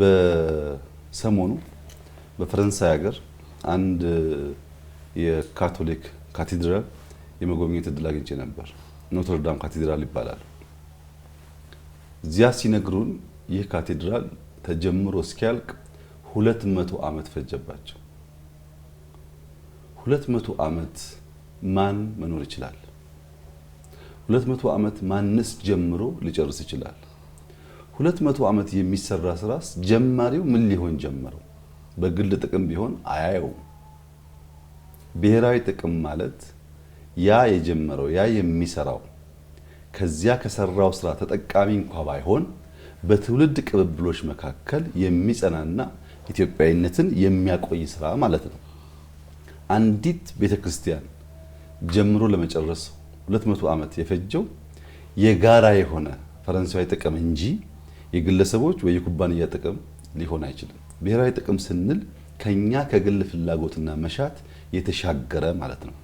በሰሞኑ በፈረንሳይ ሀገር አንድ የካቶሊክ ካቴድራል የመጎብኘት እድል አግኝቼ ነበር። ኖትርዳም ካቴድራል ይባላል። እዚያ ሲነግሩን ይህ ካቴድራል ተጀምሮ እስኪያልቅ ሁለት መቶ ዓመት ፈጀባቸው። ሁለት መቶ ዓመት ማን መኖር ይችላል? ሁለት መቶ ዓመት ማንስ ጀምሮ ሊጨርስ ይችላል? ሁለት መቶ ዓመት የሚሰራ ስራስ ጀማሪው ምን ሊሆን ጀመረው? በግል ጥቅም ቢሆን አያየውም። ብሔራዊ ጥቅም ማለት ያ የጀመረው ያ የሚሰራው ከዚያ ከሰራው ስራ ተጠቃሚ እንኳ ባይሆን በትውልድ ቅብብሎች መካከል የሚጸናና ኢትዮጵያዊነትን የሚያቆይ ስራ ማለት ነው። አንዲት ቤተክርስቲያን ጀምሮ ለመጨረስ 200 ዓመት የፈጀው የጋራ የሆነ ፈረንሳዊ ጥቅም እንጂ የግለሰቦች ወይ የኩባንያ ጥቅም ሊሆን አይችልም። ብሔራዊ ጥቅም ስንል ከኛ ከግል ፍላጎትና መሻት የተሻገረ ማለት ነው።